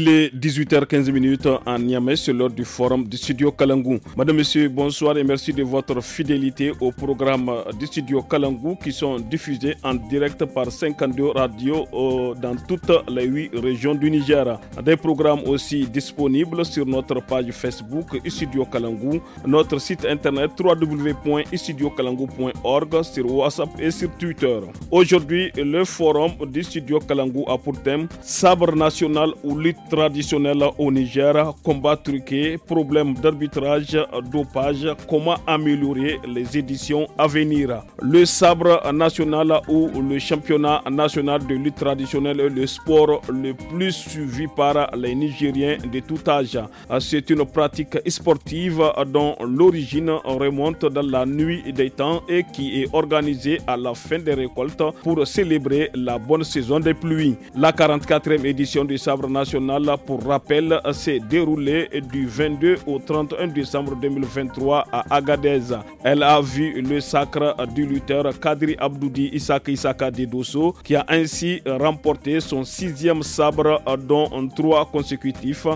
Il est 18h15 en Niamey, c'est l'heure du forum du studio Kalangou. Madame, Monsieur, bonsoir et merci de votre fidélité au programme du studio Kalangou qui sont diffusés en direct par 52 radios euh, dans toutes les 8 régions du Niger. Des programmes aussi disponibles sur notre page Facebook Studio Kalangou, notre site internet www.studiokalangou.org, sur WhatsApp et sur Twitter. Aujourd'hui, le forum du studio Kalangou a pour thème Sabre national ou lutte traditionnelle au Niger, combat truqué, problèmes d'arbitrage, dopage, comment améliorer les éditions à venir. Le sabre national ou le championnat national de lutte traditionnelle est le sport le plus suivi par les Nigériens de tout âge. C'est une pratique sportive dont l'origine remonte dans la nuit des temps et qui est organisée à la fin des récoltes pour célébrer la bonne saison des pluies. La 44e édition du sabre national pour rappel, s'est déroulée du 22 au 31 décembre 2023 à Agadez. Elle a vu le sacre du lutteur Kadri Abdoudi Isaka Isaka Dedosso, qui a ainsi remporté son sixième sabre, dont trois consécutifs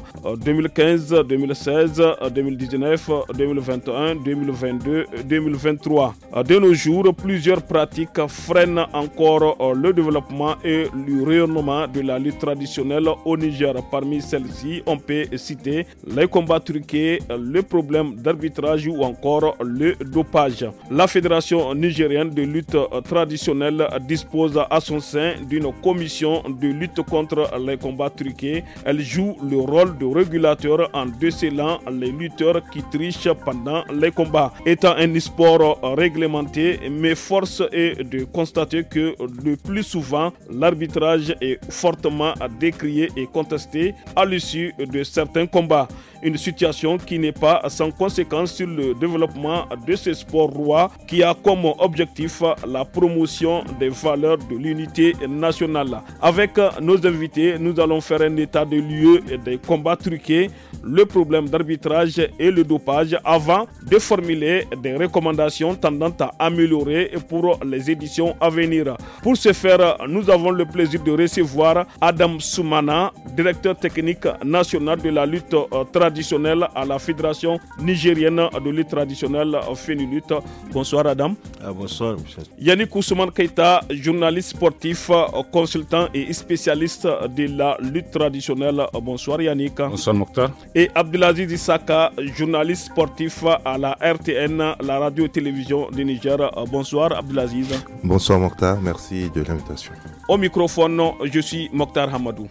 2015, 2016, 2019, 2021, 2022, 2023. De nos jours, plusieurs pratiques freinent encore le développement et le rayonnement de la lutte traditionnelle au Niger. Parmi celles-ci, on peut citer les combats truqués, le problème d'arbitrage ou encore le dopage. La Fédération nigérienne de lutte traditionnelle dispose à son sein d'une commission de lutte contre les combats truqués. Elle joue le rôle de régulateur en décelant les lutteurs qui trichent pendant les combats. Étant un sport réglementé, mais force est de constater que le plus souvent, l'arbitrage est fortement décrié et contesté à l'issue de certains combats. Une situation qui n'est pas sans conséquence sur le développement de ce sport roi qui a comme objectif la promotion des valeurs de l'unité nationale. Avec nos invités, nous allons faire un état de lieu des combats truqués, le problème d'arbitrage et le dopage avant de formuler des recommandations tendant à améliorer pour les éditions à venir. Pour ce faire, nous avons le plaisir de recevoir Adam Soumana, directeur technique nationale de la lutte euh, traditionnelle à la Fédération nigérienne de lutte traditionnelle euh, lutte. Bonsoir Adam. Ah, bonsoir Michel. Yannick Ousmane Keita, journaliste sportif, euh, consultant et spécialiste de la lutte traditionnelle. Bonsoir Yannick. Bonsoir Mokhtar. Et Abdelaziz Issaka, journaliste sportif à la RTN, la radio-télévision du Niger. Bonsoir Abdelaziz. Bonsoir Mokhtar, merci de l'invitation. Au microphone, je suis Mokhtar Hamadou.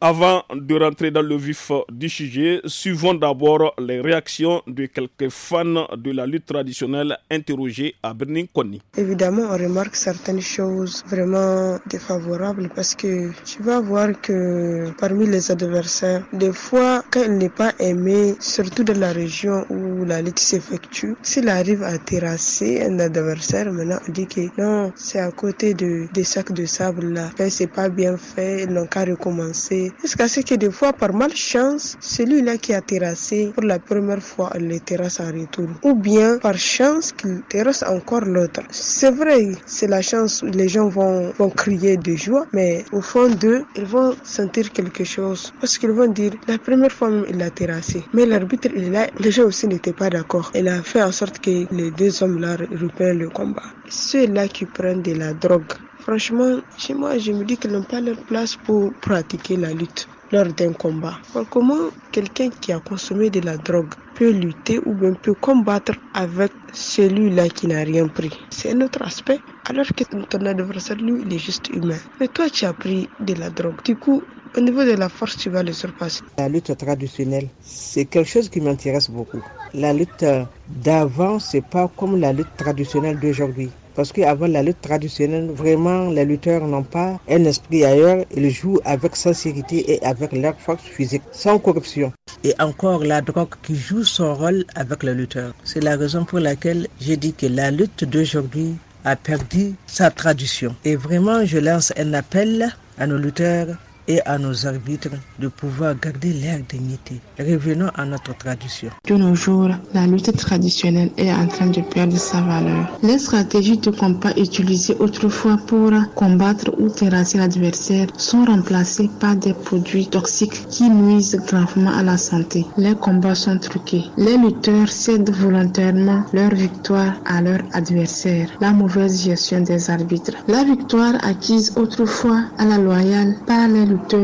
Avant de rentrer dans le vif du sujet, suivons d'abord les réactions de quelques fans de la lutte traditionnelle interrogés à Bernin-Koni. Évidemment, on remarque certaines choses vraiment défavorables parce que tu vas voir que parmi les adversaires, des fois, quand il n'est pas aimé, surtout dans la région où la lutte s'effectue, s'il arrive à terrasser un adversaire, maintenant on dit que non, c'est à côté de, des sacs de sable là. c'est pas bien fait, ils n'ont qu'à recommencer est ce que des fois par malchance, celui-là qui a terrassé pour la première fois le terrasse en retour ou bien par chance qu'il terrasse encore l'autre. C'est vrai, c'est la chance où les gens vont, crier de joie, mais au fond d'eux, ils vont sentir quelque chose parce qu'ils vont dire la première fois même il l'a terrassé. Mais l'arbitre, il a, les gens aussi n'étaient pas d'accord. Il a fait en sorte que les deux hommes-là reprennent le combat. Ceux-là qui prennent de la drogue franchement, chez moi, je me dis qu'ils n'ont pas leur place pour pratiquer la lutte lors d'un combat. comment quelqu'un qui a consommé de la drogue peut lutter ou bien peut combattre avec celui-là qui n'a rien pris C'est un autre aspect. Alors que ton adversaire, lui, il est juste humain. Mais toi, tu as pris de la drogue. Du coup, au niveau de la force, tu vas le surpasser. La lutte traditionnelle, c'est quelque chose qui m'intéresse beaucoup. La lutte euh, d'avant, c'est pas comme la lutte traditionnelle d'aujourd'hui. Parce qu'avant la lutte traditionnelle, vraiment, les lutteurs n'ont pas un esprit ailleurs. Ils jouent avec sincérité et avec leur force physique, sans corruption. Et encore la drogue qui joue son rôle avec les lutteurs. C'est la raison pour laquelle j'ai dit que la lutte d'aujourd'hui a perdu sa tradition. Et vraiment, je lance un appel à nos lutteurs et à nos arbitres de pouvoir garder leur dignité. Revenons à notre tradition. De nos jours, la lutte traditionnelle est en train de perdre sa valeur. Les stratégies de combat utilisées autrefois pour combattre ou terrasser l'adversaire sont remplacées par des produits toxiques qui nuisent gravement à la santé. Les combats sont truqués. Les lutteurs cèdent volontairement leur victoire à leur adversaire. La mauvaise gestion des arbitres. La victoire acquise autrefois à la loyale par les lutteurs Autant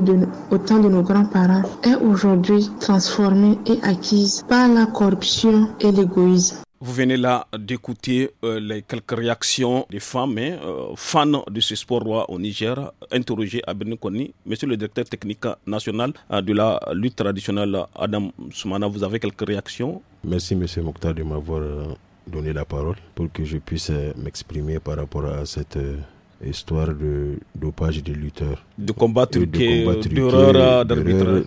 de, de nos grands-parents est aujourd'hui transformée et acquise par la corruption et l'égoïsme. Vous venez là d'écouter euh, les quelques réactions des femmes euh, fans de ce sport roi au Niger, interrogées à Benukoni. Monsieur le directeur technique national euh, de la lutte traditionnelle, Adam Soumana, vous avez quelques réactions Merci, monsieur Mokhtar, de m'avoir donné la parole pour que je puisse m'exprimer par rapport à cette histoire de dopage de lutteurs. De combat truqué, d'erreur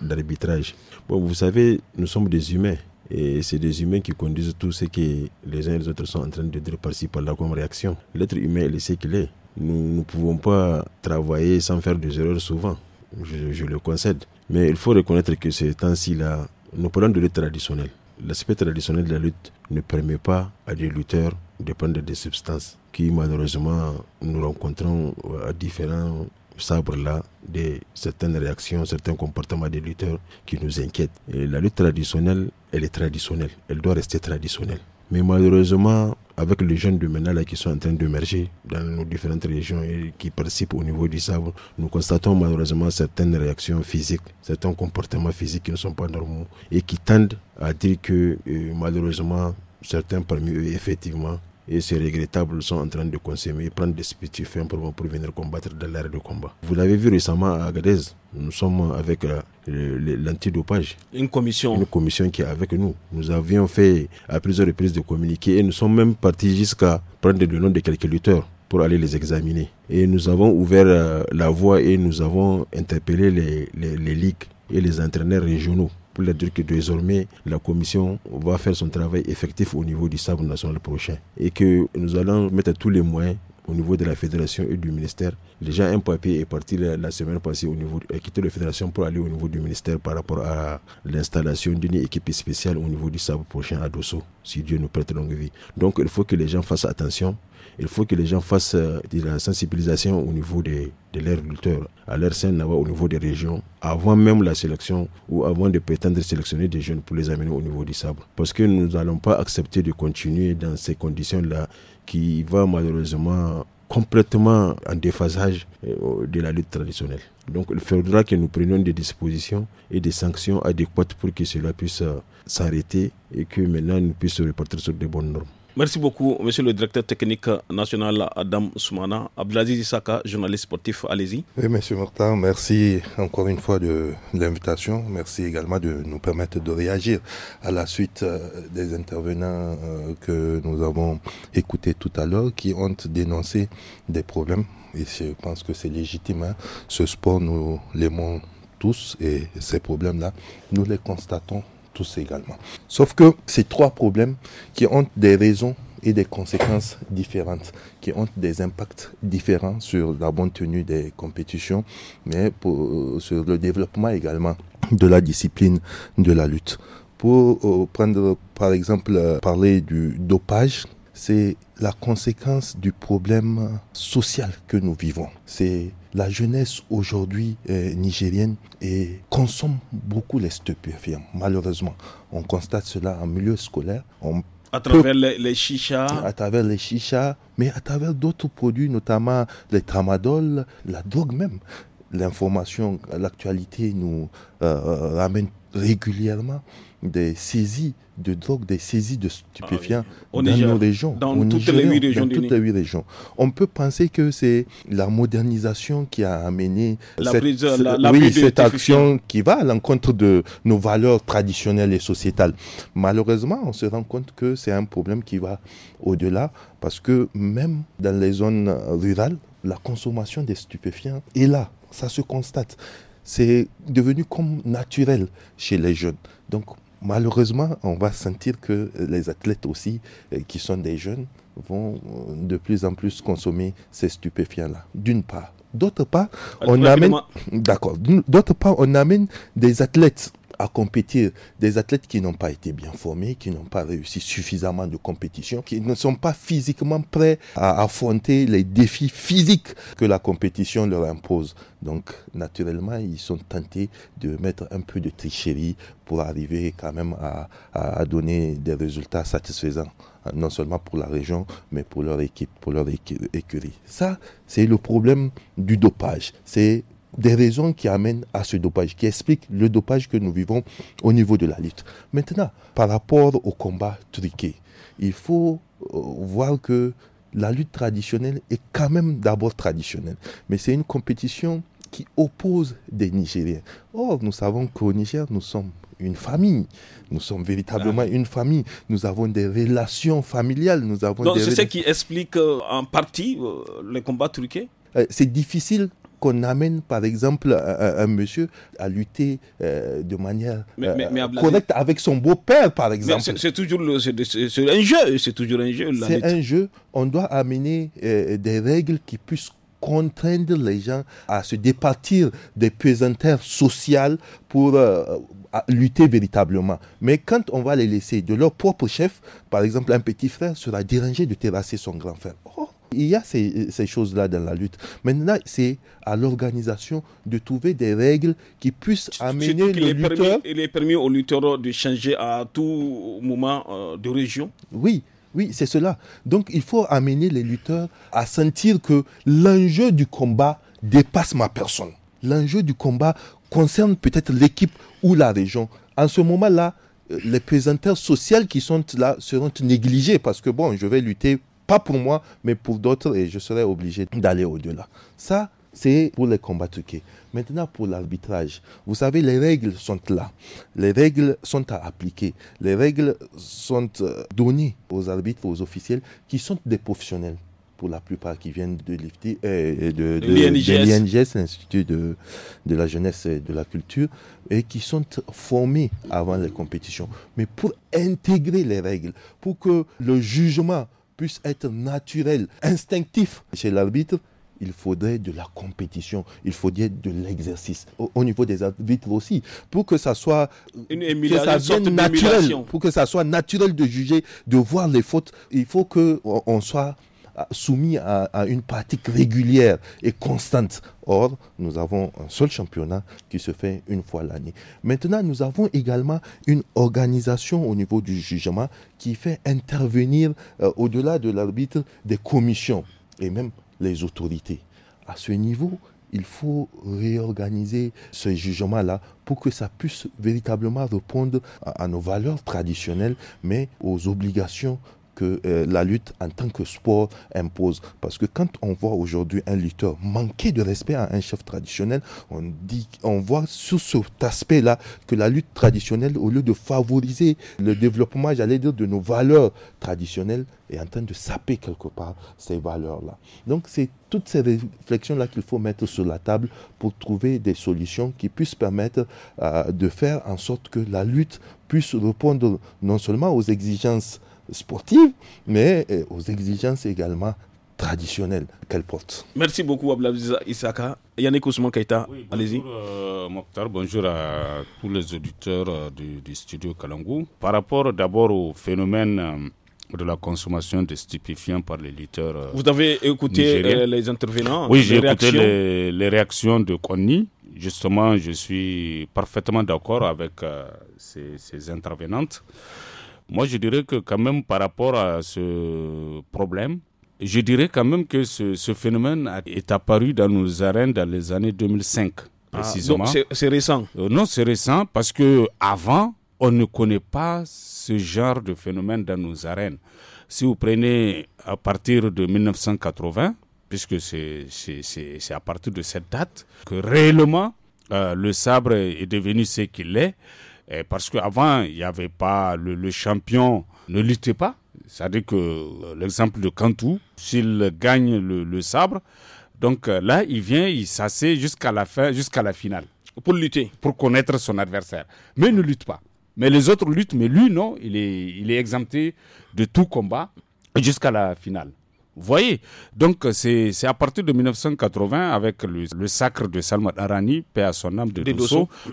d'arbitrage. Bon, vous savez, nous sommes des humains. Et c'est des humains qui conduisent tout ce que les uns et les autres sont en train de dire par-ci par-là comme réaction. L'être humain, il sait qu'il est. Nous ne pouvons pas travailler sans faire des erreurs souvent. Je, je le concède. Mais il faut reconnaître que ces temps-ci, là, nous parlons de lutte traditionnelle. L'aspect traditionnel de la lutte ne permet pas à des lutteurs dépendent des substances qui malheureusement nous rencontrons euh, à différents sabres là de certaines réactions, certains comportements des lutteurs qui nous inquiètent. Et la lutte traditionnelle, elle est traditionnelle, elle doit rester traditionnelle. Mais malheureusement, avec les jeunes de Ménala qui sont en train d'émerger dans nos différentes régions et qui participent au niveau du sabre, nous constatons malheureusement certaines réactions physiques, certains comportements physiques qui ne sont pas normaux et qui tendent à dire que euh, malheureusement certains parmi eux effectivement et ces regrettables sont en train de consommer prendre des spécifiques pour, pour venir combattre dans l'arrêt de combat. Vous l'avez vu récemment à Agadez, nous sommes avec euh, l'antidopage. Une commission. Une commission qui est avec nous. Nous avions fait à plusieurs reprises de communiquer et nous sommes même partis jusqu'à prendre le nom de quelques lutteurs pour aller les examiner. Et nous avons ouvert euh, la voie et nous avons interpellé les, les ligues et les entraîneurs régionaux pour leur dire que désormais, la commission va faire son travail effectif au niveau du sable national prochain et que nous allons mettre tous les moyens au niveau de la fédération et du ministère. Déjà, un papier est parti la, semaine passée au niveau, a euh, quitté la fédération pour aller au niveau du ministère par rapport à l'installation d'une équipe spéciale au niveau du sable prochain à Dosso, si Dieu nous prête longue vie. Donc, il faut que les gens fassent attention il faut que les gens fassent euh, de la sensibilisation au niveau des, de l'agriculteur à leur sein au niveau des régions, avant même la sélection ou avant de prétendre sélectionner des jeunes pour les amener au niveau du sable. Parce que nous n'allons pas accepter de continuer dans ces conditions-là qui va malheureusement complètement en déphasage euh, de la lutte traditionnelle. Donc il faudra que nous prenions des dispositions et des sanctions adéquates pour que cela puisse euh, s'arrêter et que maintenant nous puissions reporter sur de bonnes normes. Merci beaucoup, monsieur le directeur technique national Adam Soumana. Abdelaziz Issaka, journaliste sportif, allez-y. Oui, monsieur Mortin, merci encore une fois de l'invitation. Merci également de nous permettre de réagir à la suite euh, des intervenants euh, que nous avons écoutés tout à l'heure qui ont dénoncé des problèmes. Et je pense que c'est légitime. Hein. Ce sport, nous l'aimons tous et ces problèmes-là, nous les constatons également. Sauf que ces trois problèmes qui ont des raisons et des conséquences différentes qui ont des impacts différents sur la bonne tenue des compétitions, mais pour, euh, sur le développement également de la discipline de la lutte. Pour euh, prendre par exemple euh, parler du dopage, c'est la conséquence du problème social que nous vivons. C'est la jeunesse aujourd'hui euh, nigérienne et consomme beaucoup les stupéfiants, malheureusement. On constate cela en milieu scolaire. à travers les, chicha, chichas. À travers les chichas, mais à travers d'autres produits, notamment les tramadol, la drogue même. L'information, l'actualité nous euh, euh, ramène régulièrement des saisies de drogue, des saisies de stupéfiants ah dans nos régions. Dans, toutes, les huit régions toutes On peut penser que c'est la modernisation qui a amené cette, cette action qui va à l'encontre de nos valeurs traditionnelles et sociétales. Malheureusement, on se rend compte que c'est un problème qui va au-delà parce que même dans les zones rurales, la consommation des stupéfiants est là. Ça se constate. C'est devenu comme naturel chez les jeunes. Donc malheureusement, on va sentir que euh, les athlètes aussi, euh, qui sont des jeunes, vont euh, de plus en plus consommer ces stupéfiants-là. D'une part. D'autre part, ah, on amène, d'accord. D'autre part, on amène des athlètes à compétir des athlètes qui n'ont pas été bien formés, qui n'ont pas réussi suffisamment de compétition, qui ne sont pas physiquement prêts à affronter les défis physiques que la compétition leur impose. Donc, naturellement, ils sont tentés de mettre un peu de tricherie pour arriver quand même à, à donner des résultats satisfaisants, non seulement pour la région, mais pour leur équipe, pour leur écurie. Ça, c'est le problème du dopage. C'est des raisons qui amènent à ce dopage, qui expliquent le dopage que nous vivons au niveau de la lutte. Maintenant, par rapport au combat truqué, il faut euh, voir que la lutte traditionnelle est quand même d'abord traditionnelle, mais c'est une compétition qui oppose des Nigériens. Or, nous savons qu'au Niger, nous sommes une famille. Nous sommes véritablement ah. une famille. Nous avons des relations familiales. Nous avons Donc, c'est ce qui explique euh, en partie le euh, les combats truqués C'est difficile qu'on amène, par exemple, un, monsieur à lutter euh, de manière euh, correcte avec son beau-père, par exemple. C'est toujours un jeu, c'est toujours un jeu. C'est un jeu. On doit amener euh, des règles qui puissent contraindre les gens à se départir des pesanteurs sociales pour lutter véritablement. Mais quand on va les laisser de leur propre chef, par exemple, un petit frère sera dérangé de terrasser son grand frère. Oh, il y a ces, choses-là dans la lutte. Maintenant, c'est à l'organisation de trouver des règles qui puissent amener les lutteurs... il est permis aux lutteurs de changer à tout moment euh, de région Oui, oui, c'est cela. Donc, il faut amener les lutteurs à sentir que l'enjeu du combat dépasse ma personne. L'enjeu du combat concerne peut-être l'équipe ou la région. En ce moment-là, euh, les présenteurs sociaux qui sont là seront négligés parce que bon, je vais lutter pas pour moi, mais pour d'autres, et je serai obligé d'aller au-delà. Ça, c'est pour les combats truqués. Maintenant, pour l'arbitrage, vous savez, les règles sont là. Les règles sont à appliquer. Les règles sont euh, données aux arbitres, aux officiels, qui sont des professionnels pour la plupart qui viennent de l'IFTI, euh, de, l'Institut de, de la jeunesse et de la culture, et qui sont formés avant les compétitions. Mais pour intégrer les règles, pour que le jugement puisse être naturel, instinctif chez l'arbitre, il faudrait de la compétition, il faudrait de l'exercice. Au, niveau des arbitres aussi, pour que ça soit que ça naturel, pour que ça soit naturel de juger, de voir les fautes, il faut que on soit euh, soumis à, une pratique régulière et constante. Or, nous avons un seul championnat qui se fait une fois l'année. Maintenant, nous avons également une organisation au niveau du jugement qui fait intervenir euh, au-delà de l'arbitre des commissions et même les autorités. À ce niveau, il faut réorganiser ce jugement-là pour que ça puisse véritablement répondre à, à, nos valeurs traditionnelles, mais aux obligations que euh, la lutte en tant que sport impose. Parce que quand on voit aujourd'hui un lutteur manquer de respect à un chef traditionnel, on, dit, on voit sous cet aspect-là que la lutte traditionnelle, au lieu de favoriser le développement, j'allais dire, de nos valeurs traditionnelles, est en train de saper quelque part ces valeurs-là. Donc c'est toutes ces réflexions-là qu'il faut mettre sur la table pour trouver des solutions qui puissent permettre euh, de faire en sorte que la lutte puisse répondre non seulement aux exigences sportive, mais euh, aux exigences également traditionnelles qu'elle porte. Merci beaucoup Ablaziz Isaka. Yannick Ousmane Kaita, allez-y. Bonjour euh, Mokhtar, bonjour à tous les auditeurs euh, du, studio Kalangou. Par rapport d'abord au phénomène de la consommation de stupéfiants par les lutteurs. Vous avez écouté les intervenants Oui, j'ai écouté les, réactions de Konni. Justement, je suis parfaitement d'accord avec ces, ces intervenantes. Moi, je dirais que quand même par rapport à ce problème, je dirais quand même que ce, phénomène est apparu dans nos arènes dans les années 2005, ah, précisément. c'est récent euh, Non, c'est récent parce que avant, on ne connaît pas ce genre de phénomène dans nos arènes. Si vous prenez à partir de 1980, puisque c'est à partir de cette date que réellement euh, le sabre est devenu ce qu'il est, eh, parce qu'avant, il n'y avait pas le, champion ne luttait pas. C'est-à-dire que euh, l'exemple de Cantu, s'il gagne le, sabre, donc euh, là, il vient, il s'assait jusqu'à la fin, jusqu'à la finale. Pour lutter. Pour connaître son adversaire. Mais il ne lutte pas. Mais les autres luttent, mais lui, non, il est exempté de tout combat jusqu'à la finale voyez Donc, c'est à partir de 1980, avec le, sacre de Salman Arani, paix à son âme de, de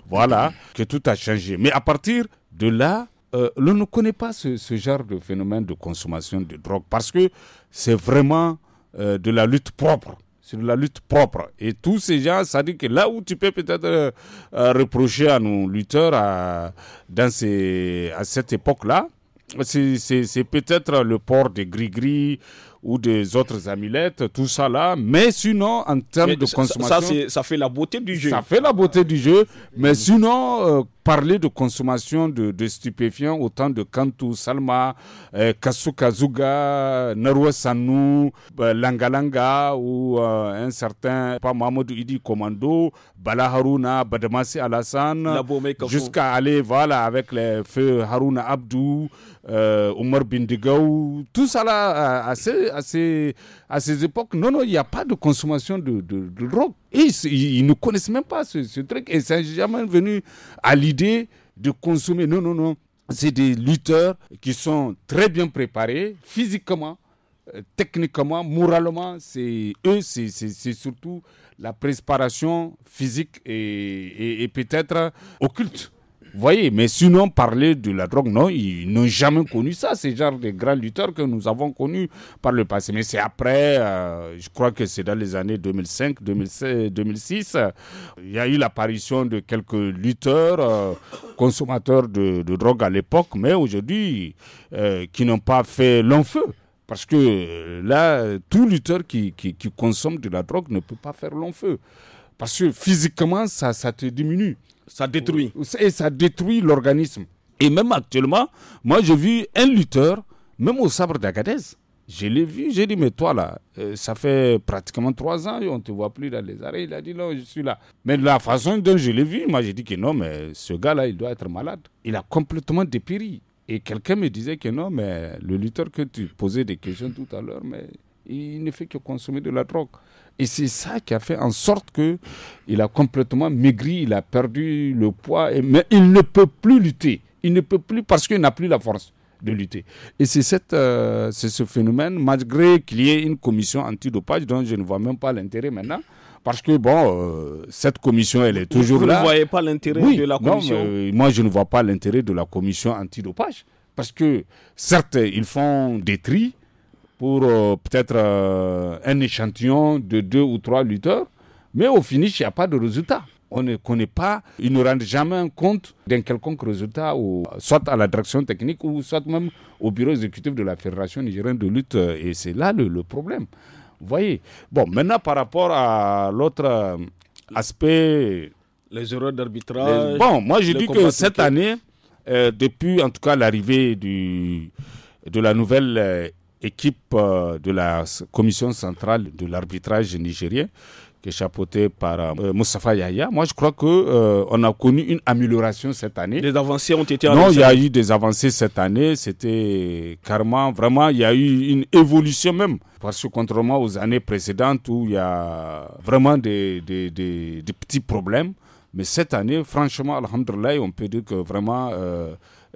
voilà, que tout a changé. Mais à partir de là, euh, ne connaît pas ce, ce, genre de phénomène de consommation de drogue parce que c'est vraiment euh, de la lutte propre. C'est de la lutte propre. Et tous ces gens, ça dit que là où tu peux peut-être euh, euh, reprocher à nos lutteurs à, dans ces, à cette époque-là, c'est peut-être le port des gris-gris ou des autres amulettes, tout ça là. Mais sinon, en termes de consommation. ça, ça, fait la beauté du jeu. Ça fait la beauté du jeu. Mais sinon, euh, parler de consommation de, stupéfiants autant de Kantou, Salma, euh, Kasuka Langalanga euh, ou euh, un certain pas Mahmoud Idi Komando, Bala Haruna, Badamasi Alassane, jusqu'à aller voilà avec les feux Haruna Abdou, euh, Omar Bindigaou, tout ça là assez assez à ces époques, non, non, il n'y a pas de consommation de, de, drogue. ils, ils, ne connaissent même pas ce, ce truc. Et ça n'est jamais venu à l'idée de consommer. Non, non, non. C'est des lutteurs qui sont très bien préparés physiquement, euh, techniquement, moralement. C'est eux, c'est surtout la préparation physique et, et, et peut-être occulte voyez, mais sinon, parler de la drogue, non, ils n'ont jamais connu ça, le genre de grands lutteurs que nous avons connus par le passé. Mais c'est après, euh, je crois que c'est dans les années 2005, 2006, il y a eu l'apparition de quelques lutteurs, euh, consommateurs de, drogue à l'époque, mais aujourd'hui, euh, qui n'ont pas fait long feu. Parce que là, tout lutteur qui, consomme de la drogue ne peut pas faire long feu. Parce que physiquement, ça, ça te diminue ça détruit. Et ça détruit l'organisme. Et même actuellement, moi j'ai vu un lutteur, même au sabre d'Agadez, je l'ai vu, j'ai dit, mais toi là, euh, ça fait pratiquement trois ans, et on ne te voit plus dans les arrêts. Il a dit, non, je suis là. Mais la façon dont je l'ai vu, moi j'ai dit que non, mais ce gars-là, il doit être malade. Il a complètement dépéri. Et quelqu'un me disait que non, mais le lutteur que tu posais des questions tout à l'heure, mais il ne fait que consommer de la drogue. Et c'est ça qui a fait en sorte que il a complètement maigri, il a perdu le poids, et, mais il ne peut plus lutter. Il ne peut plus parce qu'il n'a plus la force de lutter. Et c'est cette, euh, c'est ce phénomène, malgré qu'il y ait une commission antidopage dont je ne vois même pas l'intérêt maintenant. Parce que bon, euh, cette commission, elle est toujours Vous là. Vous ne voyez pas l'intérêt de la commission. Euh, moi, je ne vois pas l'intérêt de la commission antidopage, parce que certes, ils font des tris, pour euh, peut-être euh, un échantillon de deux ou trois lutteurs, mais au finish, il n'y a pas de résultat. On ne connaît pas, ils ne rendent jamais compte d'un quelconque résultat, ou, soit à la direction technique, ou soit même au bureau exécutif de la Fédération nigérienne de lutte. Et c'est là le, problème. Vous voyez Bon, maintenant, par rapport à l'autre euh, aspect. Les erreurs d'arbitrage. Bon, moi, je dis que cette année, depuis en tout cas l'arrivée de la nouvelle équipe euh, de la commission centrale de l'arbitrage nigérien qui est chapeautée par euh, Moustapha Yahya. Moi, je crois que euh, on a connu une amélioration cette année. Les avancées ont été Non, il y a eu des avancées cette année. C'était carrément, vraiment, il y a eu une évolution même. Parce que contrairement aux années précédentes où il y a vraiment des, des, des, petits problèmes, mais cette année, franchement, alhamdoulilah, on peut dire que vraiment...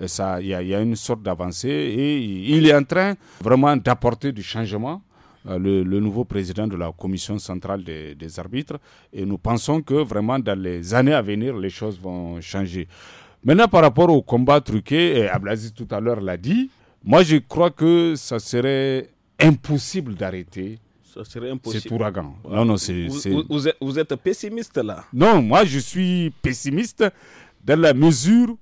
Euh, il y, a une sorte d'avancée et il est en train vraiment d'apporter du changement. Euh, le, nouveau président de la commission centrale des, arbitres et nous pensons que vraiment dans les années à venir les choses vont changer. Maintenant par rapport au combat truqué, et Ablazi tout à l'heure l'a dit, moi je crois que ça serait impossible d'arrêter Cet ouragan. Non, non, vous, êtes pessimiste là. Non, moi je suis pessimiste dans la mesure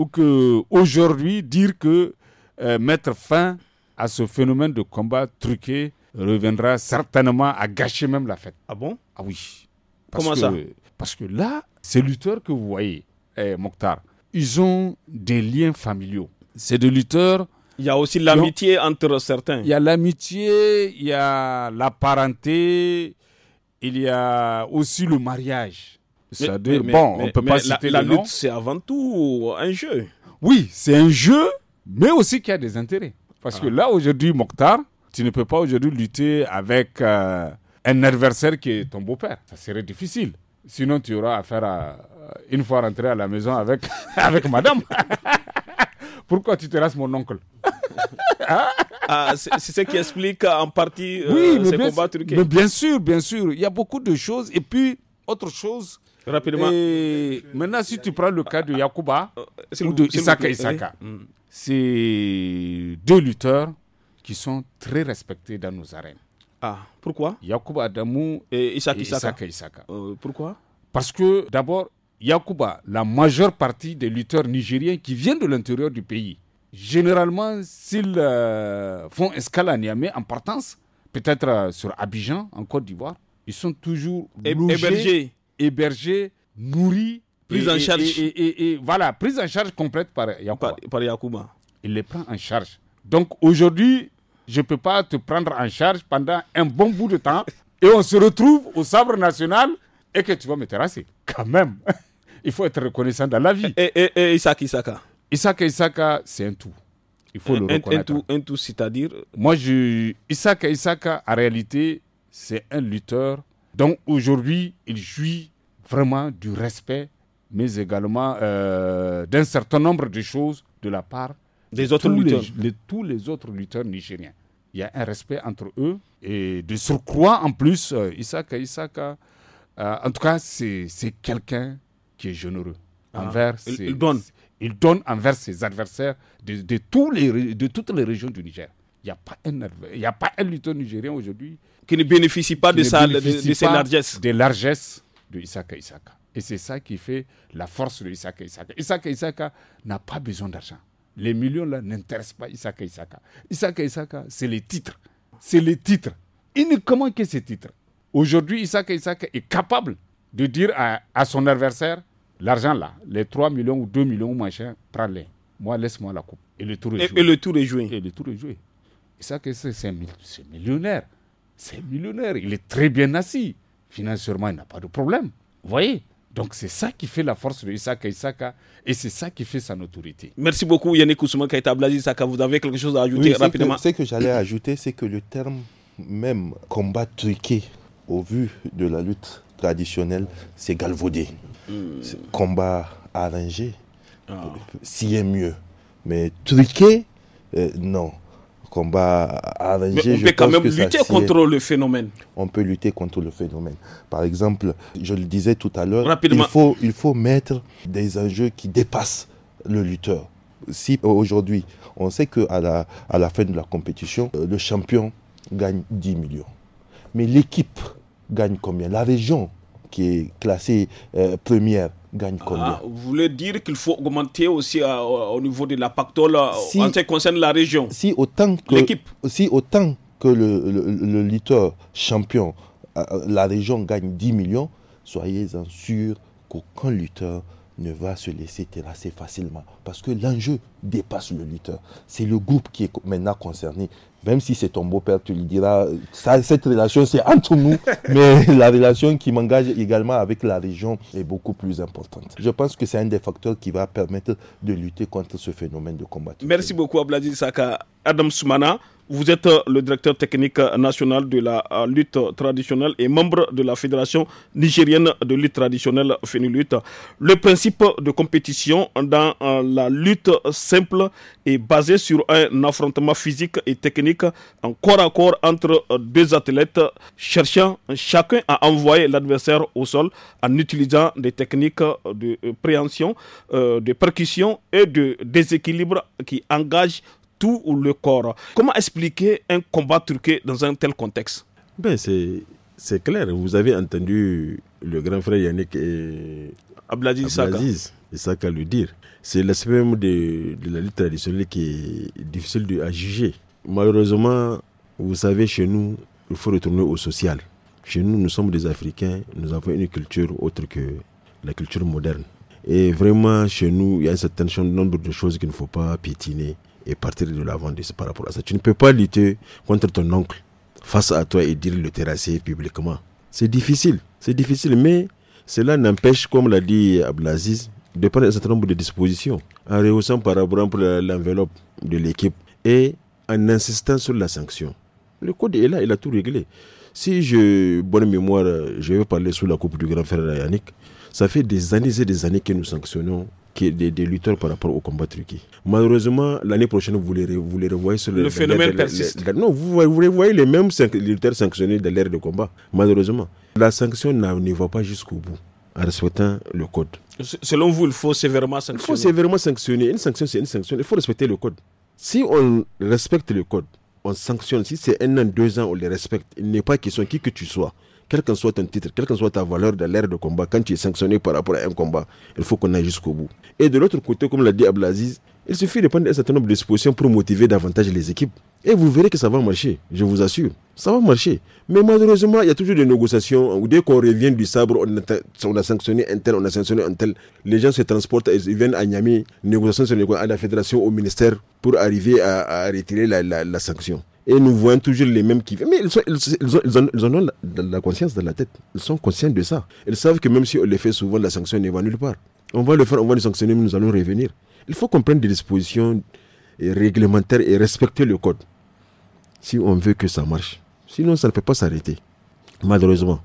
ou que aujourd'hui dire que euh, mettre fin à ce phénomène de combat truqué reviendra certainement à gâcher même la fête. Ah bon Ah oui. Comment ça Parce que là, ces lutteurs que vous voyez, eh, Mokhtar, ils ont des liens familiaux. C'est des lutteurs. Il y a aussi l'amitié entre certains. Il y a l'amitié, il y a la parenté, il y a aussi le mariage. C'est-à-dire, bon, mais, on peut pas citer la, la lutte, c'est avant tout un jeu. Oui, c'est un jeu, mais aussi qui a des intérêts. Parce que ah. là, aujourd'hui, Mokhtar, tu ne peux pas aujourd'hui lutter avec euh, un adversaire qui est ton beau-père. Ça serait difficile. Sinon, tu auras affaire à, euh, une fois rentré à la maison avec, avec madame. Pourquoi tu te terrasses mon oncle ah, C'est ce qui explique en partie oui, euh, ces combats Mais bien sûr, bien sûr. Il y a beaucoup de choses. Et puis, autre chose, Rapidement. maintenant, si tu prends le cas de Yakuba euh, euh, ou de Isaka Isaka, hmm, c'est deux lutteurs qui sont très respectés dans nos arènes. Ah, pourquoi Yakuba Adamou et Isaka Isaka. Euh, pourquoi Parce que d'abord, Yakuba, la majeure partie des lutteurs nigériens qui viennent de l'intérieur du pays, généralement, s'ils font escale à Niamey en partance, peut-être sur Abidjan, en Côte d'Ivoire, ils sont toujours hébergés hébergé, nourri. Prise en charge. Et, voilà, prise en charge complète par Il les prend en charge. Donc aujourd'hui, je ne peux pas te prendre en charge pendant un bon bout de temps et on se retrouve au sabre national et que tu vas me terrasser. Quand même, il faut être reconnaissant dans la vie. Et, et, Isaac Isaka Isaac Isaka, c'est un tout. Il faut le reconnaître. Un, tout, un tout c'est-à-dire Moi, je... Isaac Isaka, en réalité, c'est un lutteur Donc aujourd'hui il jouit vraiment du respect, mais également euh, d'un certain nombre de choses de la part des autres tous lutteurs. Les, tous les autres lutteurs nigériens. Il y a un respect entre eux et de surcroît en plus, euh, Isaka Isaka, euh, en tout cas, c'est quelqu'un qui est généreux. Ah. envers il, donne. il donne envers ses adversaires de, de, tous les, de toutes les régions du Niger. Il n'y a, pas un, a pas un lutteur nigérien aujourd'hui qui ne bénéficie pas de, ses largesses de Isaka Isaka. Et c'est ça qui fait la force de Isaka Isaka. Isaka Isaka n'a pas besoin d'argent. Les millions là n'intéressent pas Isaka Isaka. Isaka Isaka, c'est les titres. C'est les titres. Il ne Uniquement que ces titres. Aujourd'hui, Isaka Isaka est capable de dire à, son adversaire l'argent là, les 3 millions ou 2 millions ou machin, prends-les. Moi, laisse-moi la coupe. Et le tour est joué. Et, le tour est joué. Et le tour est Isaka, c'est millionnaire. C'est millionnaire. Il est très bien assis financièrement, il n'a pas de problème. Vous voyez donc c'est ça qui fait la force de Isaka Isaka et c'est ça qui fait sa notoriété. Merci beaucoup Yannick Ousmane Kaita Isaka. Vous avez quelque chose à ajouter rapidement Ce que, j'allais ajouter, c'est que le terme même combat truqué au vu de la lutte traditionnelle, c'est galvaudé. Hmm. Combat arrangé, ah. Si est mieux. Mais truqué, euh, non combat on peut quand même lutter contre le phénomène. On peut lutter contre le phénomène. Par exemple, je le disais tout à l'heure, il faut, mettre des enjeux qui dépassent le lutteur. Si aujourd'hui, on sait qu'à à la fin de la compétition, euh, le champion gagne 10 millions. Mais l'équipe gagne combien La région qui est classée euh, première gagne ah, combien Vous voulez dire qu'il faut augmenter aussi euh, au niveau de la pactole euh, en ce qui concerne la région Si autant que, autant que le, le lutteur champion, la région gagne 10 millions, soyez-en sûr qu'aucun lutteur ne va se laisser terrasser facilement parce que l'enjeu dépasse le lutteur. C'est le groupe qui est maintenant concerné, même si c'est ton beau-père, tu lui diras, cette relation, c'est entre nous, mais la relation qui m'engage également avec la région est beaucoup plus importante. Je pense que c'est un des facteurs qui va permettre de lutter contre ce phénomène de combat. Merci beaucoup, Abladil Saka. Adam Soumana, vous êtes euh, le directeur technique euh, national de la euh, lutte traditionnelle et membre de la Fédération nigérienne de lutte traditionnelle Lutte. Le principe de compétition dans la lutte simple est basé sur un affrontement physique et technique en corps à corps entre deux athlètes cherchant chacun à envoyer l'adversaire au sol en utilisant des techniques de préhension, de percussion et de déséquilibre qui engagent tout le corps. Comment expliquer un combat truqué dans un tel contexte ben C'est clair. Vous avez entendu le grand frère Yannick et Ablaziz lui lui dire. C'est l'aspect même de, de, la lutte traditionnelle qui est difficile de, à juger. Malheureusement, vous savez, chez nous, il faut retourner au social. Chez nous, nous sommes des Africains, nous avons une culture autre que la culture moderne. Et vraiment, chez nous, il y a un certain nombre de choses qu'il ne faut pas piétiner et partir de l'avant de par rapport à ça. Tu ne peux pas lutter contre ton oncle face à toi et dire le terrasser publiquement. C'est difficile, c'est difficile, mais cela n'empêche, comme l'a dit Ablaziz, de prendre un certain nombre de dispositions en rehaussant par à l'enveloppe de l'équipe et en insistant sur la sanction. Le code est là, il a tout réglé. Si je, bonne mémoire, je vais parler sous la coupe du grand frère Yannick, ça fait des années et des années que nous sanctionnons des, des, lutteurs par rapport au combat turc. Malheureusement, l'année prochaine, vous les, vous revoyez sur le, le phénomène persiste. non, vous, les voyez les mêmes lutteurs sanctionnés de l'ère de combat, malheureusement. La sanction n'y va pas jusqu'au bout en respectant le code. Selon vous, il faut sévèrement sanctionner. Il faut sévèrement sanctionner. Une sanction, c'est une sanction. Il faut respecter le code. Si on respecte le code, on sanctionne. Si c'est un an, deux ans, on les respecte. Il n'est pas question qui que tu sois quel que soit ton titre, quelle que soit ta valeur de l'ère de combat, quand tu es sanctionné par rapport à un combat, il faut qu'on aille jusqu'au bout. Et de l'autre côté, comme l'a dit Ablaziz, il suffit de prendre un certain nombre de dispositions pour motiver davantage les équipes. Et vous verrez que ça va marcher, je vous assure. Ça va marcher. Mais malheureusement, il y a toujours des négociations où dès qu'on revient du sabre, on a, sanctionné un tel, on a sanctionné un tel. Les gens se transportent, ils viennent à Niamey, négociations à la fédération, au ministère, pour arriver à, retirer la sanction. Et nous voyons toujours les mêmes qui viennent. Mais ils, ont, en ont la, conscience dans la tête. Ils sont conscients de ça. Ils savent que même si on les fait souvent, la sanction ne va nulle part. On va le faire, on va les sanctionner, mais nous allons revenir. Il faut qu'on prenne des dispositions réglementaires et respecter le code. Si on veut que ça marche. Sinon, ça ne peut pas s'arrêter. Malheureusement.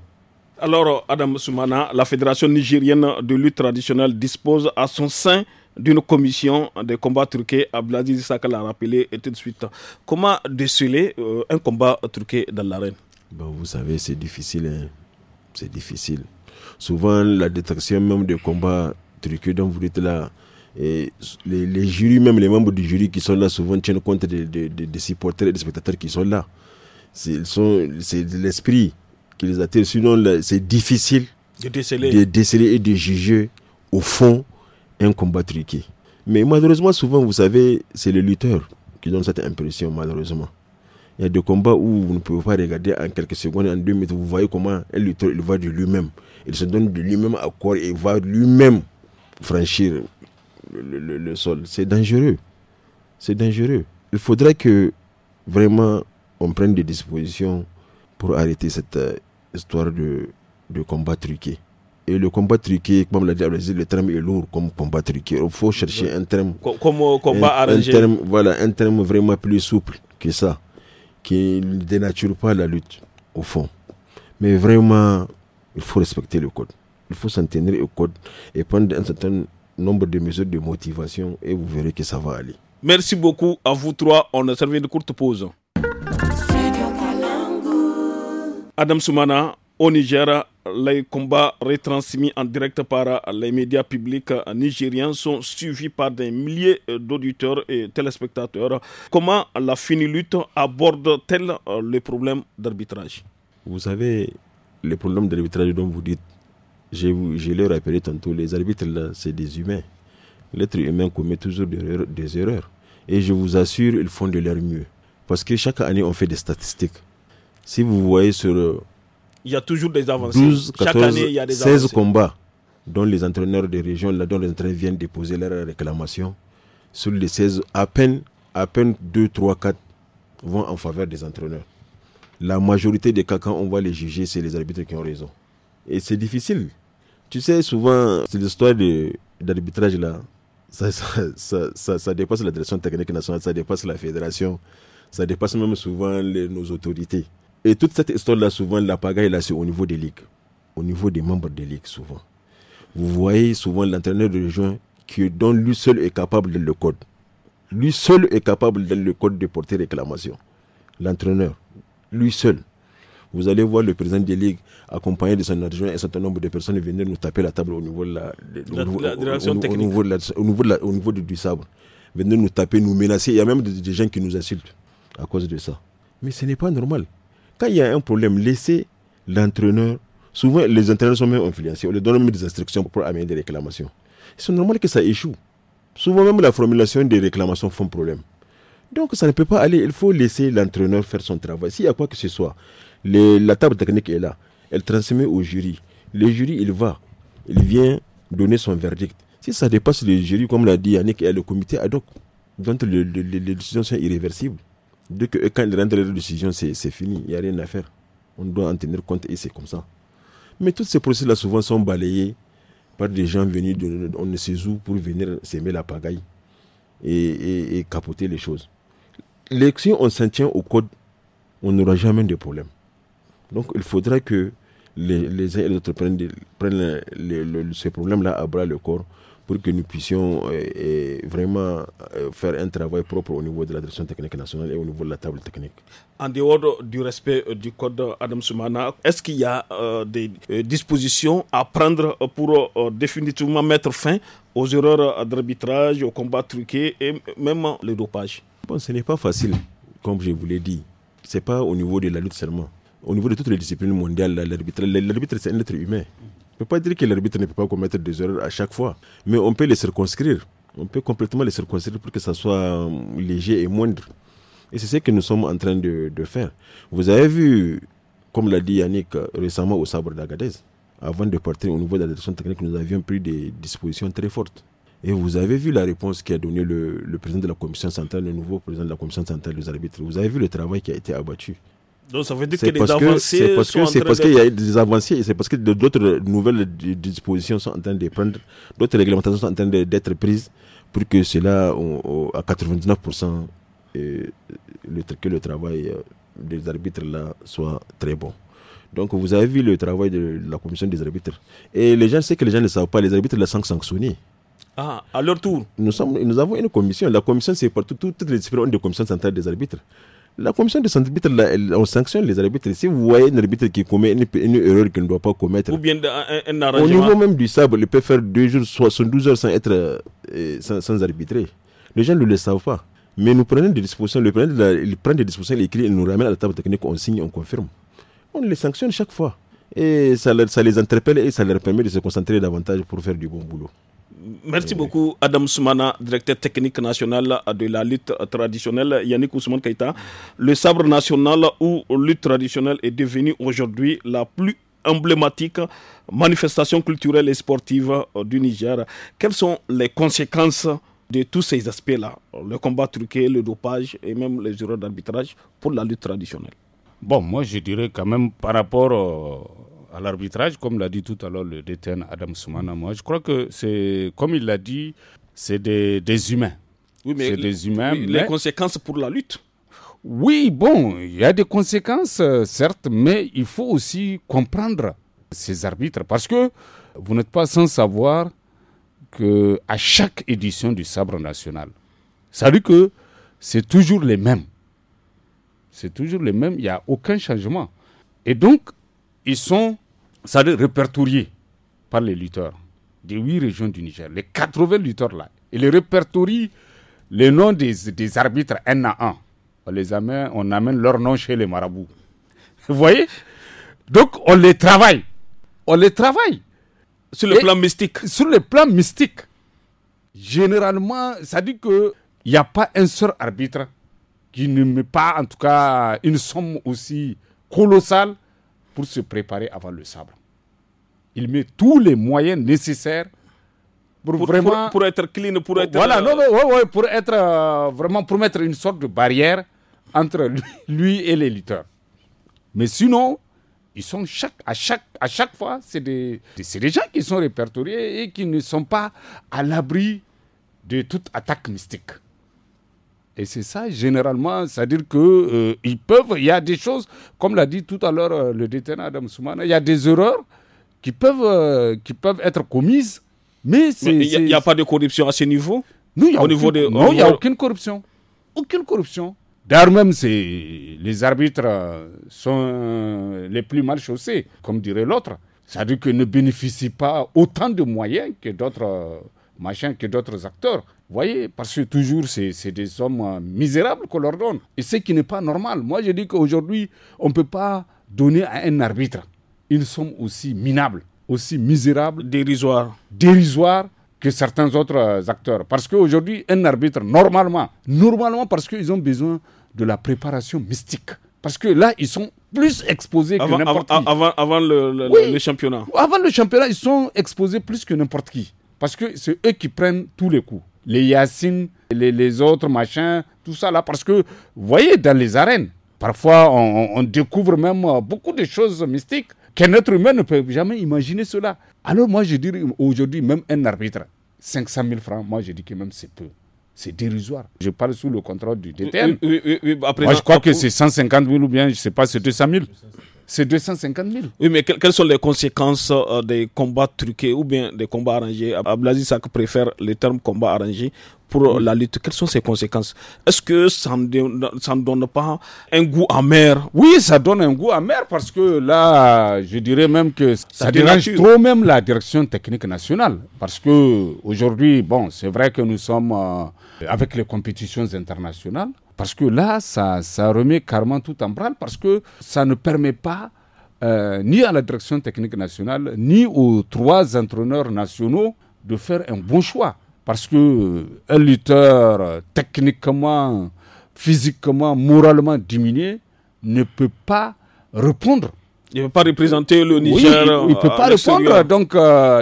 Alors, Adam Soumana, la Fédération nigérienne de lutte traditionnelle dispose à son sein d'une commission de combat truqué, Abdelaziz Saka l'a rappelé et tout de suite. Comment déceler euh, un combat truqué dans l'arène Vous savez, c'est difficile. Hein. C'est difficile. Souvent, la détection même de combats truqués dont vous êtes là, et les, jurys, même les membres du jury qui sont là, souvent tiennent compte des, supporters et des spectateurs qui sont là. C'est l'esprit qui les attire. Sinon, c'est difficile de déceler. de déceler et de juger au fond un combat truqué. Mais malheureusement, souvent, vous savez, c'est le lutteur qui donne cette impression, malheureusement. Il y a des combats où vous ne pouvez pas regarder en quelques secondes, en deux minutes, vous voyez comment un lutteur, il va de lui-même. Il se donne de lui-même à corps et va lui-même franchir le, le sol. C'est dangereux. C'est dangereux. Il faudrait que vraiment on prenne des dispositions pour arrêter cette euh, histoire de, de combat truqué. Et le combat truqué, comme l'a dit le terme est lourd comme combat truqué. Il faut chercher un terme. Comme euh, combat un, terme, voilà, un terme vraiment plus souple que ça, qui ne dénature pas la lutte, au fond. Mais vraiment, il faut respecter le code. Il faut s'en au code et prendre un certain nombre de mesures de motivation et vous verrez que ça va aller. Merci beaucoup à vous trois. On a servi une courte pause. Adam Soumana, au Niger, les combats retransmis en direct par les médias publics nigériens sont suivis par des milliers d'auditeurs et téléspectateurs. Comment la lutte aborde-t-elle le problème d'arbitrage Vous savez, le problème d'arbitrage dont vous dites, je, je l'ai rappelé tantôt, les arbitres, c'est des humains. L'être humain commet toujours des erreurs. Et je vous assure, ils font de leur mieux. Parce que chaque année, on fait des statistiques. Si vous voyez sur euh, il y a toujours des avancées. Chaque année, il y a des 16 combats dont les entraîneurs des régions, là, dont les entraîneurs viennent déposer leurs réclamations. Sur les 16, à peine, à peine 2, 3, 4 vont en faveur des entraîneurs. La majorité des cas, quand on va les juger, c'est les arbitres qui ont raison. Et c'est difficile. Tu sais, souvent, c'est l'histoire d'arbitrage là. Ça, ça, dépasse la direction technique nationale, ça dépasse la fédération, ça dépasse même souvent nos autorités. Et toute cette histoire-là, souvent, la pagaille, là, c'est au niveau des ligues, au niveau des membres des ligues, souvent. Vous voyez souvent l'entraîneur de région qui, dont lui seul est capable de le code. Lui seul est capable de le code de porter réclamation. L'entraîneur, lui seul. Vous allez voir le président des ligues accompagné de son adjoint et un certain nombre de personnes venir nous taper la table au niveau de la, au niveau du sabre. Venir nous taper, nous menacer. Il y a même des gens qui nous insultent à cause de ça. Mais ce n'est pas normal. Quand il y a un problème, laisser l'entraîneur. Souvent, les entraîneurs sont même influencés. On leur donne même des instructions pour amener des réclamations. C'est normal que ça échoue. Souvent, même la formulation des réclamations font problème. Donc, ça ne peut pas aller. Il faut laisser l'entraîneur faire son travail. S'il y a quoi que ce soit, la table technique est là. Elle transmet au jury. Le jury, il va. Il vient donner son verdict. Si ça dépasse le jury, comme l'a dit Yannick, et le comité ad hoc Donc les décisions sont irréversibles. Dès que quand ils rentrent dans la décision, c'est fini, il n'y a rien à faire. On doit en tenir compte et c'est comme ça. Mais tous ces procès-là souvent sont balayés par des gens venus de on ne sait où pour venir s'aimer la pagaille et, et, capoter les choses. Si on s'en tient au code, on n'aura jamais de problème. Donc il faudra que les, uns et les autres prennent, prennent ces problèmes-là à bras le corps pour que nous puissions euh, vraiment euh, faire un travail propre au niveau de la direction technique nationale et au niveau de la table technique. En dehors du respect euh, du code Adam Soumana, est-ce qu'il y a des dispositions à prendre pour définitivement mettre fin aux erreurs d'arbitrage, aux combats truqués et même le dopage Bon, ce n'est pas facile, comme je vous l'ai dit. Ce n'est pas au niveau de la lutte seulement. Au niveau de toutes les disciplines mondiales, l'arbitre, l'arbitre c'est un être humain ne peut pas dire que l'arbitre ne peut pas commettre des erreurs à chaque fois, mais on peut les circonscrire. On peut complètement les circonscrire pour que ça soit euh, léger et moindre. Et c'est ce que nous sommes en train de, faire. Vous avez vu, comme l'a dit Yannick euh, récemment au sabre d'Agadez, avant de partir au niveau de la direction technique, nous avions pris des dispositions très fortes. Et vous avez vu la réponse qu'a donné le, le, président de la commission centrale, le nouveau président de la commission centrale des arbitres. Vous avez vu le travail qui a été abattu. Donc ça veut dire que les avancées C'est parce qu'il y a des avancées, c'est parce que d'autres nouvelles dispositions sont en train de prendre, d'autres réglementations sont en train d'être prises pour que cela, à 99%, et euh, le, que le travail euh, des arbitres là soit très bon. Donc vous avez vu le travail de, la commission des arbitres. Et les gens, c'est que les gens ne savent pas, les arbitres là sont sanctionnés. Ah, à leur tour. Nous, sommes, nous avons une commission. La commission, c'est partout. Toutes les différentes de commissions centrales des arbitres. La commission de arbitres, on sanctionne les arbitres. Si vous voyez un arbitre qui commet une, erreur qu'il ne doit pas commettre, Au niveau même du sable, il peut faire deux jours, 72 heures sans être euh, sans, arbitrer. Les gens ne le savent pas. Mais nous prenons des dispositions, le prennent, ils prennent des dispositions, ils écrit, nous ramènent à la table technique, on signe, on confirme. On les sanctionne chaque fois. Et ça, ça les interpelle et ça leur permet de se concentrer davantage pour faire du bon boulot. Merci beaucoup, Adam Soumana, directeur technique national de la lutte traditionnelle, Yannick Ousmane kaita Le sabre national ou lutte traditionnelle est devenu aujourd'hui la plus emblématique manifestation culturelle et sportive du Niger. Quelles sont les conséquences de tous ces aspects-là Le combat truqué, le dopage et même les erreurs d'arbitrage pour la lutte traditionnelle Bon, moi je dirais quand même par rapport. Euh, à l'arbitrage, comme l'a dit tout à l'heure le DTN Adam Soumana. Moi, je crois que c'est, comme il l'a dit, c'est des, humains. Oui, mais, des humains, les conséquences pour la lutte. Oui, bon, il y a des conséquences, euh, certes, mais il faut aussi comprendre ces arbitres parce que vous n'êtes pas sans savoir que à chaque édition du sabre national, ça veut que c'est toujours les mêmes. C'est toujours les mêmes, il n'y a aucun changement. Et donc, ils sont ça veut par les lutteurs des huit régions du Niger, les 80 lutteurs là, et les répertorie les noms des, arbitres un à un. On les amène, on amène leur nom chez les marabouts. Vous voyez Donc on les travaille. On les travaille. Sur le plan mystique. Sur le plan mystique. Généralement, ça dit qu'il n'y a pas un seul arbitre qui ne met pas en tout cas une somme aussi colossale pour se préparer avant le sabre. Il met tous les moyens nécessaires pour, vraiment. Pour, être clean, pour être. Voilà, euh, non, pour être euh, vraiment, pour mettre une sorte de barrière entre lui, et les lutteurs. Mais sinon, ils sont chaque, à, chaque, à chaque fois, c'est des, des gens qui sont répertoriés et qui ne sont pas à l'abri de toute attaque mystique. Et c'est ça, généralement, c'est-à-dire qu'ils euh, peuvent, il y a des choses, comme l'a dit tout à l'heure euh, le détenu Adam Soumana, il y a des erreurs qui peuvent, euh, qui peuvent être commises, mais c'est... Il n'y a, pas de corruption à ce niveau Non, il n'y a, aucune... corruption. Aucune corruption. D'ailleurs même, les arbitres sont les plus mal chaussés, comme dirait l'autre. C'est-à-dire qu'ils ne bénéficient pas autant de moyens que d'autres machins, que d'autres acteurs voyez, parce que toujours, c'est des hommes euh, misérables qu'on leur donne. Et ce qui n'est pas normal. Moi, je dis qu'aujourd'hui, on ne peut pas donner à un arbitre Ils sont aussi minables, aussi misérables, dérisoires, dérisoires que certains autres euh, acteurs. Parce qu'aujourd'hui, un arbitre, normalement, normalement parce qu'ils ont besoin de la préparation mystique. Parce que là, ils sont plus exposés que n'importe qui. Avant, le, championnat. Avant le championnat, ils sont exposés plus que n'importe qui. Parce que c'est eux qui prennent tous les coups les Yassine, les, autres machins, tout ça là. Parce que, vous voyez, dans les arènes, parfois on, découvre même euh, beaucoup de choses mystiques qu'un être humain ne peut jamais imaginer cela. Alors moi, je dirais aujourd'hui, même un arbitre, 500 000 francs, moi je dis que même c'est peu. C'est dérisoire. Je parle sous le contrôle du DTM. Oui, oui, oui, après, moi, je crois que c'est 150 000 ou bien, je ne sais pas, c'est 200 000 c'est 250 000. Oui, mais quelles sont les conséquences euh, des combats truqués ou bien des combats arrangés Sak préfère le terme combat arrangé pour la lutte, quelles sont ses conséquences Est-ce que ça ne, donne, ça donne pas un goût amer Oui, ça donne un goût amer parce que là, je dirais même que ça, dérange trop même la direction technique nationale. Parce que aujourd'hui, bon, c'est vrai que nous sommes euh, avec les compétitions internationales. Parce que là, ça, remet carrément tout en branle parce que ça ne permet pas euh, ni à la direction technique nationale, ni aux trois entraîneurs nationaux de faire un bon choix. Parce que euh, un lutteur euh, techniquement, physiquement, moralement diminué ne peut pas répondre. Il ne peut pas représenter le Niger. il ne peut euh, pas répondre, donc il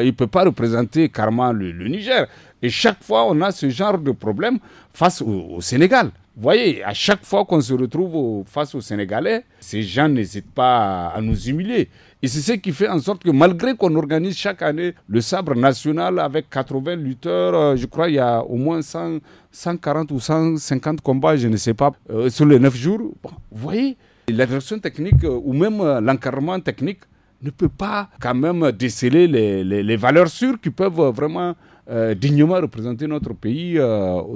ne peut pas représenter carrément le, Niger. Et chaque fois, on a ce genre de problème face au, Sénégal. Vous voyez, à chaque fois qu'on se retrouve face aux Sénégalais, ces gens n'hésitent pas à nous humilier. Et c'est ce qui fait en sorte que malgré qu'on organise chaque année le sabre national avec 80 lutteurs, euh, je crois il y a au moins 100, 140 ou 150 combats, je ne sais pas, euh, sur les 9 jours, vous voyez, la version technique euh, ou même l'encarrement l'encadrement technique ne peut pas quand même déceler les, valeurs sûres qui peuvent vraiment dignement représenter notre pays,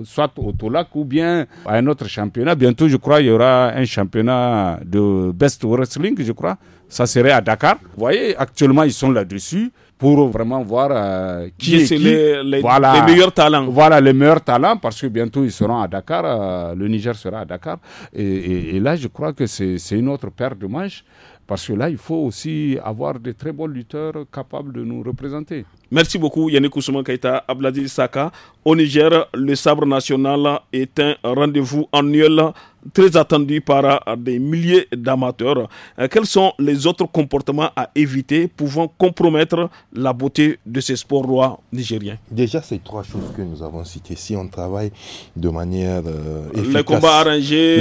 soit au Tolac ou bien à un autre championnat. Bientôt, je crois, il y aura un championnat de best wrestling, je crois ça serait à Dakar. Vous voyez, actuellement, ils sont là-dessus pour vraiment voir euh, qui, est Les, voilà, meilleurs talents. Voilà, les meilleurs talents, parce que bientôt ils seront à Dakar, euh, le Niger sera à Dakar. Et, là, je crois que c'est une autre paire de manches, parce que là, il faut aussi avoir de très bons lutteurs capables de nous représenter. Merci beaucoup Yannick Ousmane Kaita, Abladi Saka. Au Niger, le sabre national est un rendez-vous annuel très attendu par euh, des milliers d'amateurs. Euh, quels sont les autres comportements à éviter pouvant compromettre la beauté de ces sports rois nigériens Déjà, ces trois choses que nous avons citées, si on travaille de manière euh, efficace, les combats arrangés,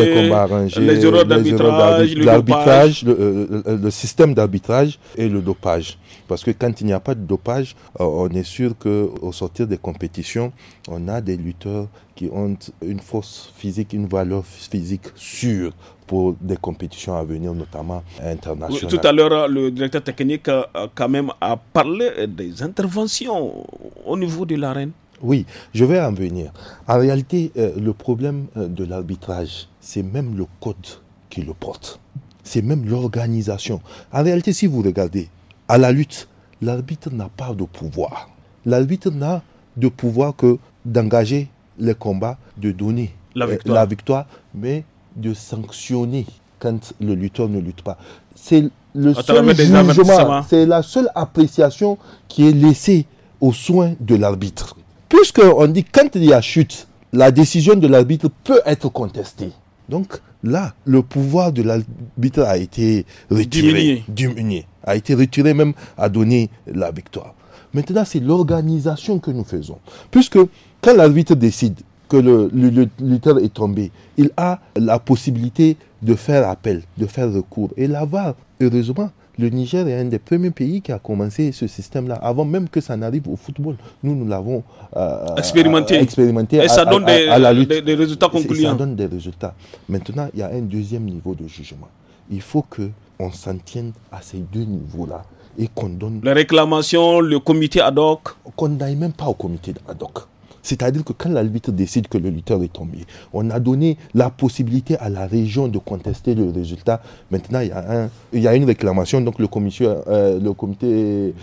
les, erreurs d'arbitrage, le, le, système d'arbitrage et le dopage. Parce que quand il n'y a pas de dopage, on est sûr qu'au sortir des compétitions, on a des lutteurs qui ont une force physique, une valeur physique sûre pour des compétitions à venir, notamment internationales. tout à l'heure, le directeur technique a euh, quand même parlé des interventions au niveau de l'arène. Oui, je vais en venir. En réalité, euh, le problème euh, de l'arbitrage, c'est même le code qui le porte. C'est même l'organisation. En réalité, si vous regardez, à la lutte, l'arbitre n'a pas de pouvoir. L'arbitre n'a de pouvoir que d'engager le combat, de donner euh, la victoire, mais de sanctionner quand le lutteur ne lutte pas. C'est le ah, seul c'est la seule appréciation qui est laissée aux soins de l'arbitre. Puisqu'on dit quand il y a chute, la décision de l'arbitre peut être contestée. Donc là, le pouvoir de l'arbitre a été retiré, a été retiré même à donner la victoire. Maintenant, c'est l'organisation que nous faisons. Puisque quand l'arbitre décide que le, lutteur est tombé, il a la possibilité de faire appel, de faire recours. Et la heureusement, le Niger est un des premiers pays qui a commencé ce système-là, avant même que ça n'arrive au football. Nous, nous l'avons euh, expérimenté. Euh, expérimenté. Et ça donne des, résultats concluants. Ça donne des résultats. Maintenant, il y a un deuxième niveau de jugement. Il faut qu'on s'en tienne à ces deux niveaux-là et qu'on donne... Les réclamations, le comité ad hoc Qu'on n'aille même pas au comité ad hoc. C'est-à-dire que quand l'arbitre décide que le lutteur est tombé, on a donné la possibilité à la région de contester le résultat. Maintenant, il y a, un, il y a une réclamation, donc le, euh, le comité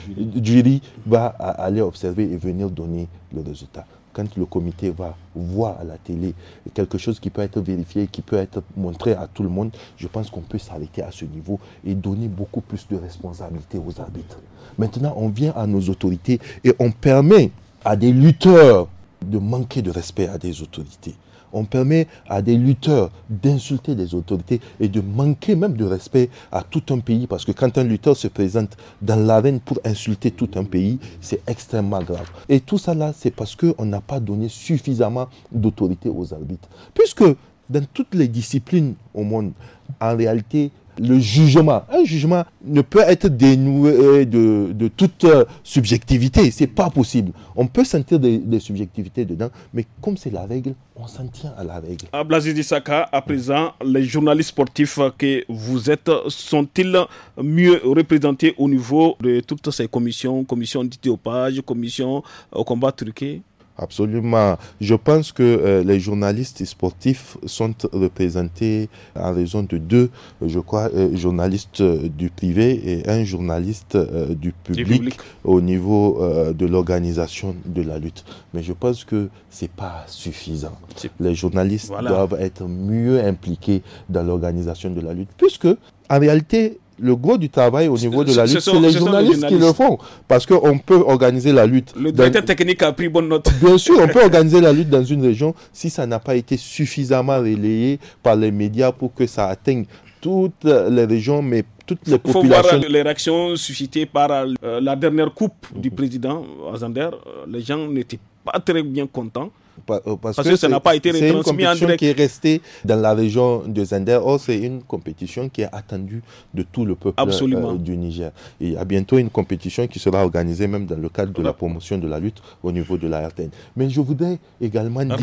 jury va aller observer et venir donner le résultat quand le comité va voir à la télé quelque chose qui peut être vérifié, qui peut être montré à tout le monde, je pense qu'on peut s'arrêter à ce niveau et donner beaucoup plus de responsabilité aux arbitres. Maintenant, on vient à nos autorités et on permet à des lutteurs de manquer de respect à des autorités. On permet à des lutteurs d'insulter des autorités et de manquer même de respect à tout un pays. Parce que quand un lutteur se présente dans l'arène pour insulter tout un pays, c'est extrêmement grave. Et tout ça là, c'est parce qu'on n'a pas donné suffisamment d'autorité aux arbitres. Puisque dans toutes les disciplines au monde, en réalité, le jugement. Un jugement ne peut être dénoué de, toute euh, subjectivité. C'est pas possible. On peut sentir des, subjectivités dedans, mais comme c'est la règle, on s'en tient à la règle. Ablazi ah, Disaka, à présent, les journalistes sportifs que vous êtes sont-ils mieux représentés au niveau de toutes ces commissions, commission d'idéopage, commission au euh, combat truqué Absolument. Je pense que euh, les journalistes sportifs sont représentés en raison de deux, je crois, euh, journalistes euh, du privé et un journaliste du public, au niveau de l'organisation de la lutte. Mais je pense que c'est pas suffisant. Les journalistes doivent être mieux impliqués dans l'organisation de la lutte, puisque en réalité, le gros du travail au niveau de la lutte, c'est les journalistes, qui le font. Parce qu'on peut organiser la lutte. Le directeur technique a pris bonne note. Bien sûr, on peut organiser la lutte dans une région si ça n'a pas été suffisamment relayé par les médias pour que ça atteigne toutes les régions, mais toutes les populations. Il faut voir les réactions suscitées par euh, la dernière coupe du mhm. président Azander. Euh, les gens n'étaient pas très bien contents. Euh, parce, que, ça n'a pas été C'est une compétition qui est restée dans la région de Zender. Or, c'est une compétition qui est attendue de tout le peuple euh, du Niger. Et il y a bientôt une compétition qui sera organisée même dans le cadre de la promotion de la lutte au niveau de la RTN. Mais je voudrais également dire,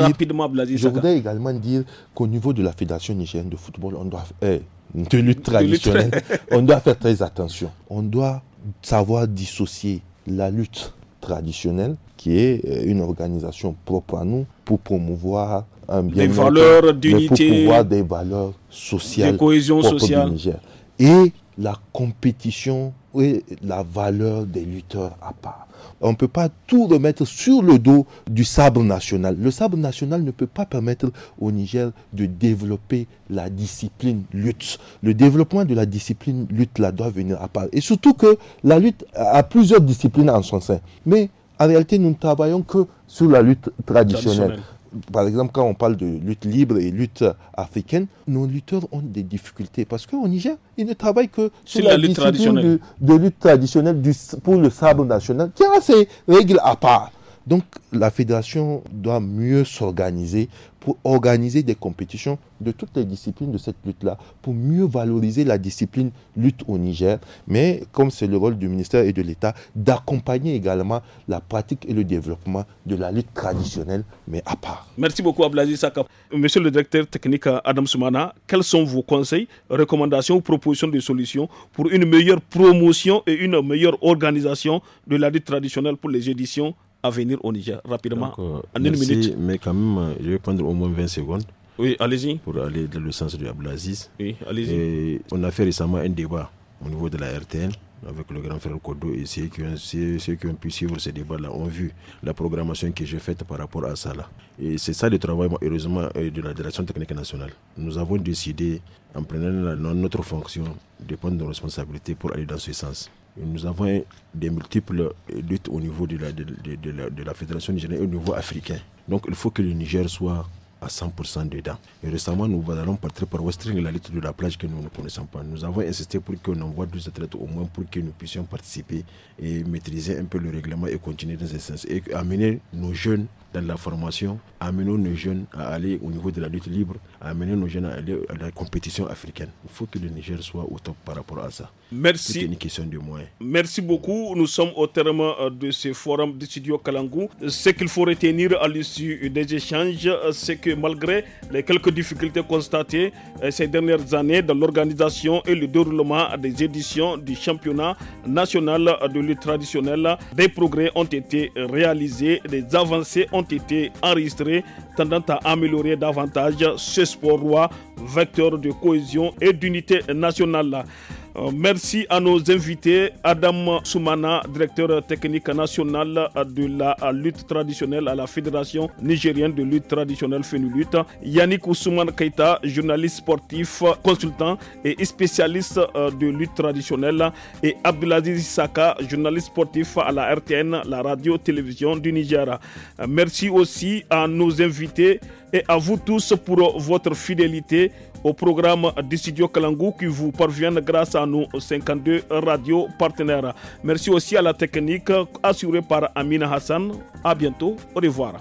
je voudrais également dire qu'au niveau de la Fédération nigérienne de football, on doit eh, de lutte traditionnelle, on doit faire très attention. On doit savoir dissocier la lutte traditionnelle qui est euh, une organisation propre à nous pour promouvoir un bien des valeurs d'unité, pour promouvoir des valeurs sociales, des cohésion sociale. Et la compétition et la valeur des lutteurs à part. On ne peut pas tout remettre sur le dos du sabre national. Le sabre national ne peut pas permettre au Niger de développer la discipline lutte. Le développement de la discipline lutte là doit venir à part. Et surtout que la lutte a plusieurs disciplines en son sein. Mais en réalité, nous ne travaillons que sur la lutte traditionnelle. Par exemple, quand on parle de lutte libre et lutte africaine, nos lutteurs ont des difficultés parce qu'au Niger, ils ne travaillent que sur, la, la, lutte traditionnelle. De, lutte traditionnelle pour le sabre national, qui c'est règle à part. Donc la fédération doit mieux s'organiser pour organiser des compétitions de toutes les disciplines de cette lutte-là, pour mieux valoriser la discipline lutte au Niger, mais comme c'est le rôle du ministère et de l'État, d'accompagner également la pratique et le développement de la lutte traditionnelle, mais à part. Merci beaucoup Ablazi Saka. Monsieur le directeur technique Adam Soumana, quels sont vos conseils, recommandations ou propositions de solutions pour une meilleure promotion et une meilleure organisation de la lutte traditionnelle pour les éditions à venir au Niger rapidement. Euh, en une minute. Mais quand même, euh, je vais prendre au moins 20 secondes. Oui, allez-y. Pour aller dans le sens de Ablaziz. Oui, allez-y. On a fait récemment un débat au niveau de la RTL avec le grand frère Kodo et ceux qui ont, pu suivre ce débat-là ont vu la programmation que j'ai faite par rapport à ça. Là. Et c'est ça le travail, heureusement, euh, de la Direction technique nationale. Nous avons décidé, en prenant notre fonction, de prendre nos responsabilités pour aller dans ce sens nous avons des multiples luttes au niveau de la, de, Fédération nigérienne et au niveau africain. Donc il faut que le Niger soit à 100% dedans. Et récemment, nous allons partir par Westring, la lutte de la plage que nous ne connaissons pas. Nous avons insisté pour qu'on envoie deux athlètes au moins pour que nous puissions participer et maîtriser un peu le règlement et continuer dans ce sens. Et amener nos jeunes dans la formation, amener nos jeunes à aller au niveau de la lutte libre, amener nos jeunes à aller à la compétition africaine. Il faut que le Niger soit au top par rapport à ça. Merci. C'est une question de moyens. Merci beaucoup. Nous sommes au terme euh, de ce forum de Studio Kalangou. Ce qu'il faut retenir à l'issue des échanges, euh, c'est que malgré les quelques difficultés constatées euh, ces dernières années dans l'organisation et le déroulement des éditions du championnat national de lutte traditionnelle, des progrès ont été réalisés, des avancées ont été enregistrées, tendant à améliorer davantage ce sport roi, vecteur de cohésion et d'unité nationale. Euh, merci à nos invités, Adam Soumana, directeur technique national de la lutte traditionnelle à la Fédération nigérienne de lutte traditionnelle FENULUT, Yannick Ousuman Keita, journaliste sportif, consultant et spécialiste euh, de lutte traditionnelle, et Abdelaziz Issaka, journaliste sportif à la RTN, la radio-télévision du Niger. Euh, merci aussi à nos invités et à vous tous pour votre fidélité au programme du studio Kalangou qui vous parvient grâce à nos 52 radios partenaires. Merci aussi à la technique assurée par Amina Hassan. À bientôt. Au revoir.